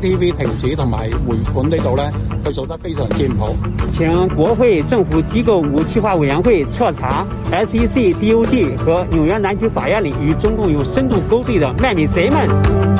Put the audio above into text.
TV 停止同埋回款呢度呢，佢做得非常之唔好。請國會、政府機構、武器化委員會徹查 SEC、DOD 和紐約南區法院裏與中共有深度勾兌的賣美賊們。